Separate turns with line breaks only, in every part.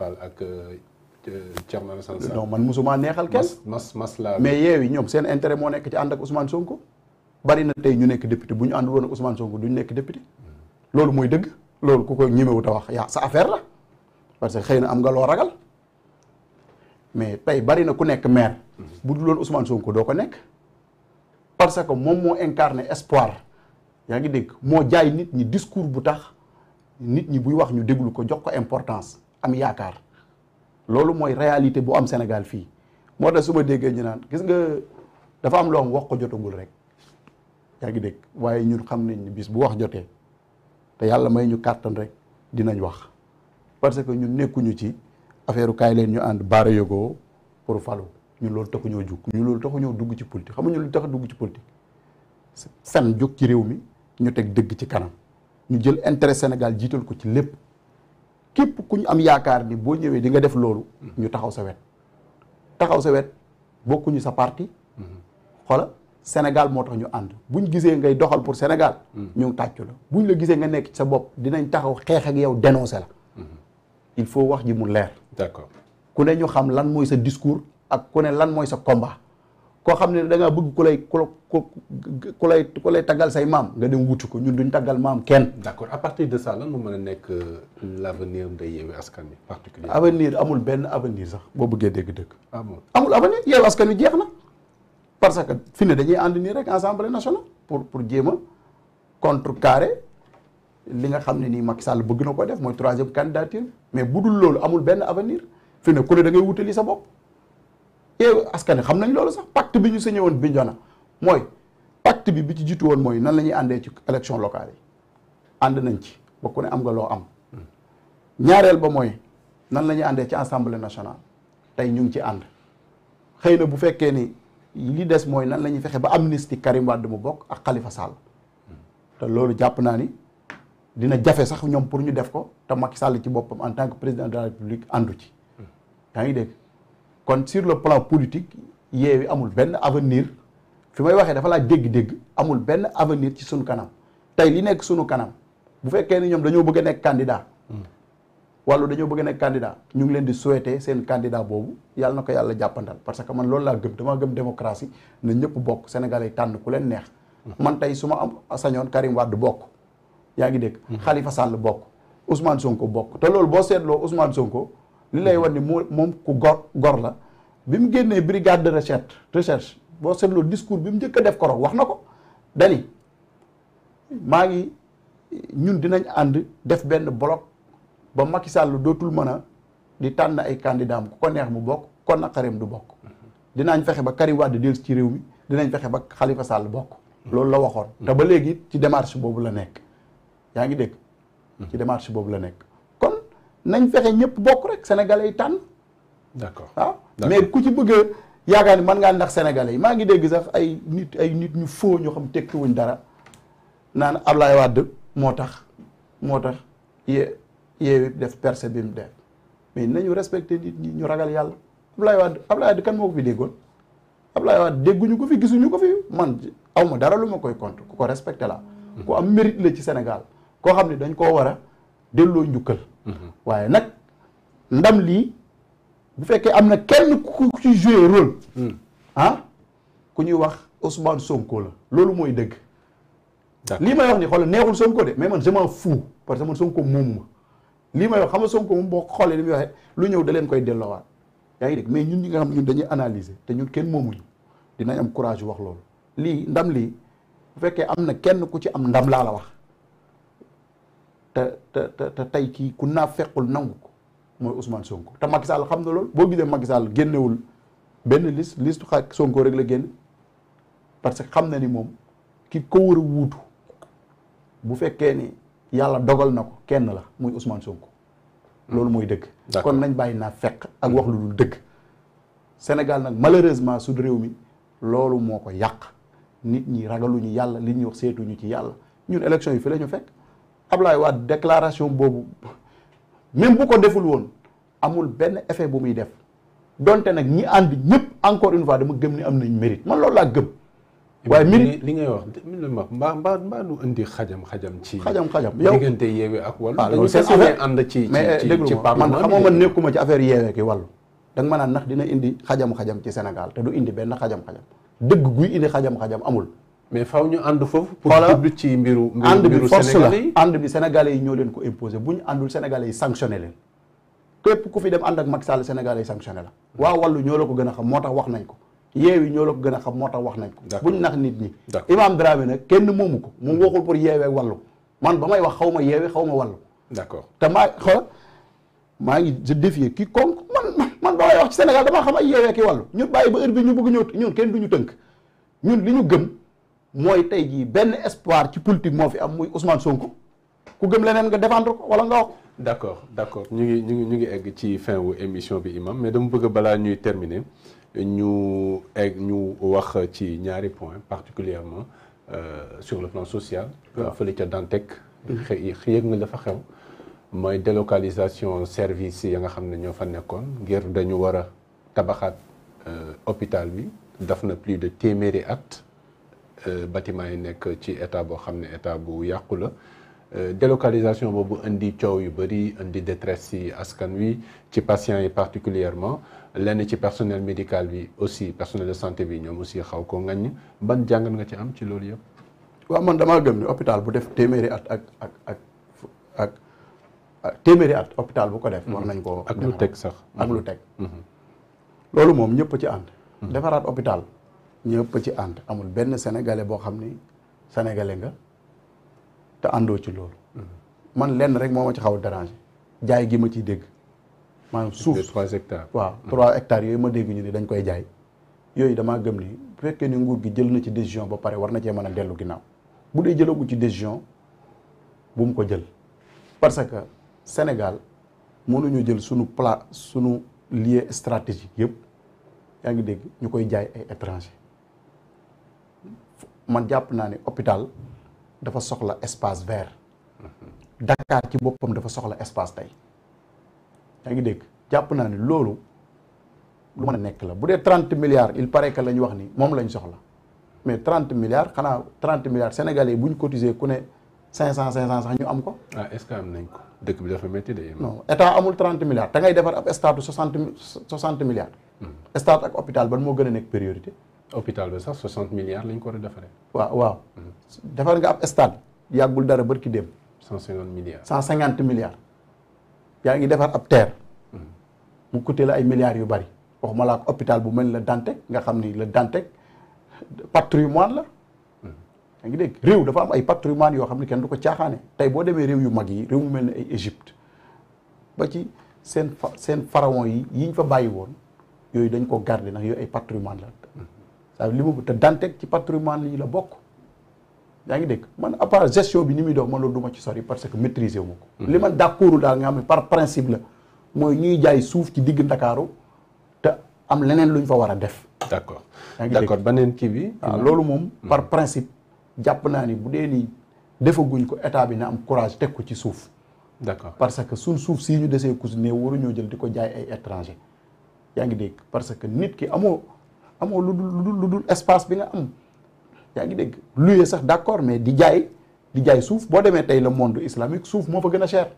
Fall ak euh, euh, Thierno Alassane Sall. non man mosuma neexal kenn. mas mas la mais yeewi
ñoom seen intérêt moo nekk ci ànd ak Ousmane Sonko. bari na tey ñu nekk député bu ñu ànd woon ak Ousmane Sonko duñ nekk député. Hmm. loolu mooy dëgg. loolu ku ko ñemewut a wax yaa sa affaire la parce que xëy na am nga loo ragal mais tey bari na ku nekk maire. Hmm. bu dul loolu Ousmane Sonko doo ko nekk. parce que moom moo incarné espoir. yaa ngi dégg moo jaay nit ñi discours bu tax nit ñi buy wax ñu déglu ko jox ko importance. am yaakaar loolu mooy réalité bu am Sénégal fii moo tax su ma déggee ñu naan gis nga dafa am loo xam wax ko jotagul rek yaa ngi dégg waaye ñun xam nañ ni bis bu wax jotee te yàlla may ñu kàttan rek dinañ wax parce que ñun nekkuñu ci affaire leen ñu ànd baara yogoo pour falu ñun loolu ñoo jug ñun loolu taxuñoo dugg ci politique xamuñu lu tax dugg ci politique fen jóg ci réew mi ñu teg dëgg ci kanam ñu jël intérêt Sénégal jiital ko ci lépp képp ku ñu am yaakaar ni boo ñëwee di nga def loolu ñu taxaw sa wet taxaw sa wet bokkuñu sa parti xola Sénégal moo tax ñu ànd buñ gisee ngay doxal pour Sénégal ñu tàccu la buñ la gisee nga nekk ci sa bopp dinañ taxaw xeex ak yow dénoncé la il faut wax ji mu leer d'accord ku ne ñu xam lan mooy sa discours ak ku ne lan mooy sa combat koo xam ne da ngaa bëgg ku lay ku lay ku lay taggal say maam nga dem wuti ko ñun duñ taggal maam kenn.
d'accord à de ça lan moo mën a nekk euh, l'avenir de Yewwi Askan Wi particulièrement.
avenir amul benn avenir sax boobu bëggee dégg dëkk ah amul avenir Yewwi Askan jeex na parce que fi ne dañuy ànd nii rek assemblée nationale pour pour jéem a contrecarrer li nga xam ne ni mag Sall bëgg na ko def mooy troisième candidature mais budul loolu amul benn avenir fi ne ku ne da ngay wutali sa bopp. yeewu askan xam nañ loolu sax pacte bi ñu signé woon Bignona mooy pacte bi bi ci jiitu woon mooy nan la ñuy àndee ci élection locale yi ànd nañ ci ba ku ne am nga loo am ñaareel ba mooy nan lañuy àndee ci assemblée nationale tey ñu ngi ci ànd xëy na bu fekkee ni li des mooy nan la ñuy fexe ba amnistie Karim Wade mu bokk ak Khalifa Sall te loolu jàpp naa ni dina jafe sax ñoom pour ñu def ko te Macky Sall ci boppam en tant que président de la République àndu ci yaa ngi dégg kon sur le plan politique Yewwi amul benn avenir fi may waxee dafa laa dégg-dégg amul benn avenir ci sunu kanam tey li nekk sunu kanam bu fekkee ni ñoom dañoo bëgg a nekk candidat hmm. wàllu dañoo bëgg a nekk candidat ñu ngi leen di souhaiter seen candidat boobu yàlla na ko yàlla jàppandal parce que man loolu laa gëm damaa gëm démocratie na ñëpp bokk Sénégalais yi tànn ku leen neex hmm. man tey su ma am sañoon Karim Wade bokk yaa ngi dégg hmm. Khalifa sàll bokk Ousmane Sonko bokk te loolu boo seetloo Ousmane Sonko li lay wan ni moom ku gor gor la bi mu génnee brigade de recherche recherche boo seetloo discours bi mu njëkk a def koroog wax na ko dani maa ngi ñun dinañ ànd def benn bloc ba Macky Sall dootul mën a di tànn ay candidat ku ko neex mu bokk kon naqareem du bokk dinaañ fexe ba Karim Wade dellu ci réew mi dinañ fexe ba Khalifa Sall bokk loolu la waxoon te ba léegi ci démarche boobu la nekk yaa ngi dégg ci démarche boobu la nekk nañ fexe ñëpp bokk rek sénégalais yi tànn. d'accord waaw ah. mais ku ci bëgg a yaakaar ni man ngaa ndax sénégalais yi maa ngi dégg sax ay nit ay nit ñu foo ñu xam tekkiwuñ dara naan Ablaye Wade moo tax moo tax yee yee def percé bi mu def mais nañu respecté nit ñi ñu ragal yàlla Ablaye Wade Ablaye Wade kan moo ko fi déggoon Ablaye Wade dégguñu ko fi gisuñu ko fi man awma dara lu ma koy compte ku ko respecté la mm-hmm. ku am mérite la ci Sénégal koo xam ne dañ koo war a. delloo njukkal. Mhm. waaye nag ndam lii bu fekkee am na kenn ku ci joué rôle. Hmm. Ah, ku ñuy wax Ousmane Sonko la loolu mooy dëgg. lii may wax ni xool neexul Sonko de mais man je m'en fous parce que man Sonko moomu ma lii may wax xam nga Sonko moom boo xoolee li muy waxee lu ñëw da leen koy delloowaat yaa ngi dégg mais ñun ñi nga xam ñun dañuy analyser te ñun kenn moomuñu dinañ am courage wax loolu lii ndam lii bu fekkee am na kenn ku ci am ndam laa la wax. te te tey kii ku naa fekkul nangu ko mooy Ousmane Sonko te Macky Sall xam na loolu boo gisee Macky Sall génnewul benn liste liste xaak Sonko rek la génn parce que xam na ni moom ki ko war a wuutu bu fekkee ni yàlla dogal na ko kenn la muy Ousmane Sonko. Hmm. loolu mooy dëgg. kon nañ bàyyi naa fekk ak wax lu dul dëgg. Sénégal nag malheureusement su réew mi loolu moo ko yàq nit ñi ragaluñu yàlla li ñuy wax seetuñu ci yàlla ñun élection yi fi la ñu fekk. Ablaye Wade déclaration boobu même bu ko deful woon amul benn effet bu muy def donte nag ñi ànd ñëpp encore une fois dama gëm ni am nañ mérite man loolu laa gëm. waaye mérite li ngay wax mbaa mbaa mbaa du indi xajam xajam. ci xajam xajam yow diggante
yeewe ak wàllu. waaw ah, loolu seen affaire ànd ci ci ci man xamoo nekkuma
ci affaire yeewe ki wàllu. da nga nax dina indi xajam xajam ci Sénégal te du indi benn xajam xajam dëgg guy indi xajam xajam amul. mais faw ñu ànd foofu. pour
ci mbiru mbiru sénégalais
ànd bi force la ànd bi sénégalais yi ñoo leen ko imposé bu ñu àndul sénégalais yi sanctionné leen képp ku fi dem ànd ak Macky Sall sénégalais yi sanctionné la. waa wàllu ñoo la ko gën a xam moo tax wax nañ ko. yeewi ñoo la ko gën a xam moo tax wax nañ ko. ñu nax nit ñi. Imam Dramé nag kenn moomu ko moom hmm. waxul pour yeewee wàllu man ba may wax xaw ma yeewi xaw ma wàllu. d'accord te maa xool maa ngi je défie quiconque man man ba may wax ci Sénégal damaa xam ay yeewee ki wàllu ñun bi ñu bëgg ñëw ñun kenn duñu tënk ñun li ñu gëm mooy tey jii benn espoir ci politique moo fi am muy Ousmane Sonko ku gëm leneen nga défendre ko wala nga wax.
d' accord d' accord ñu ngi ñu ngi ñu ngi egg ci fin wu émission bi imam mais dama bëgg balaa ñuy terminer ñu egg ñu wax ci ñaari point particulièrement euh, sur le plan social. waaw ah. fële ca Dantec. xëy yëg nga dafa xew. mooy délocalisation service ya nga xam ne ñoo fa nekkoon ngir dañu war a tabaxaat euh, hôpital bi daf na plus de téeméeri at. Euh, bâtiment yi nekk ci état boo xam ne état bu yàqu la euh, délocalisation boobu indi coow yu bëri indi détresse yi askan wi ci patients yi particulièrement lenn ci personnel médical bi aussi personnel de santé bi ñoom aussi
xaw ko ngañ ban jàngat nga ci am ci loolu yëpp. waaw man damaa gëm ni hôpital bu def téeméeri at ak ak ak ak téeméeri at hôpital bu ko def. war nañ koo ak lu teg sax ak lu teg. Mhm. loolu moom ñëpp ci ànd. Mhm. defaraat hôpital. ñëpp ci ànd amul benn sénégalais boo xam ni sénégalais nga te àndoo ci loolu. Mm-hmm. man lenn rek moo ma ci xaw a jaay gi ma ciy dégg. maa suuf trois hectares. waaw mm-hmm. trois hectares yooyu ma dégg ñu ni dañ koy jaay yooyu damaa gëm ni bu fekkee ni nguur gi jël na ci décision ba pare war na cee mën a dellu ginnaaw bu dee jëlagu ci décision bu mu ko jël parce que Sénégal mënuñu jël sunu plat sunu lieu stratégique yëpp yaa ngi dégg ñu koy jaay ay étranger man jàpp naa ne hôpital dafa soxla espace vert Dakar ci boppam dafa soxla espace tey yaa ngi dégg jàpp naa ni loolu lu mën nekk la bu dee trente milliards il paraît que la ñu wax ni moom lañ soxla mais trente milliards xanaa trente milliards sénégalais bu ñu cotisé ku ne cinq cent cinq cent sax ñu am ko.
ah est-ce que am nañ ko dëkk bi dafa métti de. non
état amul trente milliards ta ngay defar ab stade soixante soixante milliards. Hmm. stade ak hôpital ban moo gën a nekk priorité. hôpital bi sax 60 milliards lañ ko war a defaree. waaw waaw. Mhm. defar nga ab stade yàggul dara barki dem. 150 milliards 150 milliards. yaa ngi defar ab terre. Mhm. mu coûté la ay milliards yu bari waxuma la ak hôpital bu mel la Dantec nga xam ni la Dantec patrimoine la. Mhm. yaa ngi dégg réew dafa am ay patrimoine yoo xam ne kenn du ko caaxaane tey boo demee réew yu mag yi réew mu mel ni ay Égypte ba ci seen seen pharaon yi yiñ fa bàyyi woon yooyu dañ ko garder nag yooyu ay patrimoine la. daal li ma te Dantec ci patrimoine yi la bokk yaa ngi dégg man à part gestion bi ni muy dox man loolu du ma ci sori parce que maîtriser wu ko. Mhm. li ma d'accordul daal nga xam ne par principe la mooy ñuy jaay suuf ci digg Ndakaaru te am leneen lu ñu fa war a def. d'accord d'accord beneen kii bi. waaw ah, loolu moom mhm. par principe jàpp naa ni bu dee nii defaguñ ko état bi na am courage teg ko ci suuf. d'accord parce que suñ suuf si ñu desee ku si néew waruñoo jël di ko jaay ay étranger yaa ngi dégg parce que nit ki amoo. amoo lu dul lu dul espace bi nga am yaa ngi dégg luye sax d'accord mais di jaay di jaay suuf boo demee tey le monde islamique suuf moo fa gën a cher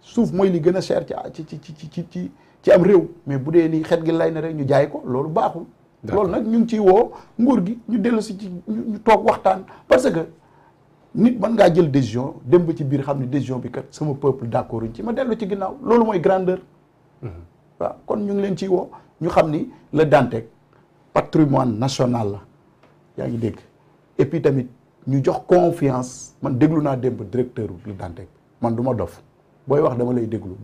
suuf mooy li gën a cher ci ci ci ci ci ci am réew mais bu dee nii xet gi lay na rek ñu jaay ko loolu baaxul loolu nag ñu ngi ciy woo nguur gi ñu dellu si ci ñu toog waxtaan parce que nit man ngaa jël décision dem ba ci biir xam ne décision bi kat sama peuple d'accord uñ ci ma dellu ci ginnaaw loolu mooy grandeur mhm. waaw kon ñu ngi leen ciy woo ñu xam ni la Dantec patrimoine national la yaa ngi dégg et puis tamit ñu jox confiance man déglu naa démb directeur bi Dantec man duma ma dof booy wax dama lay déglu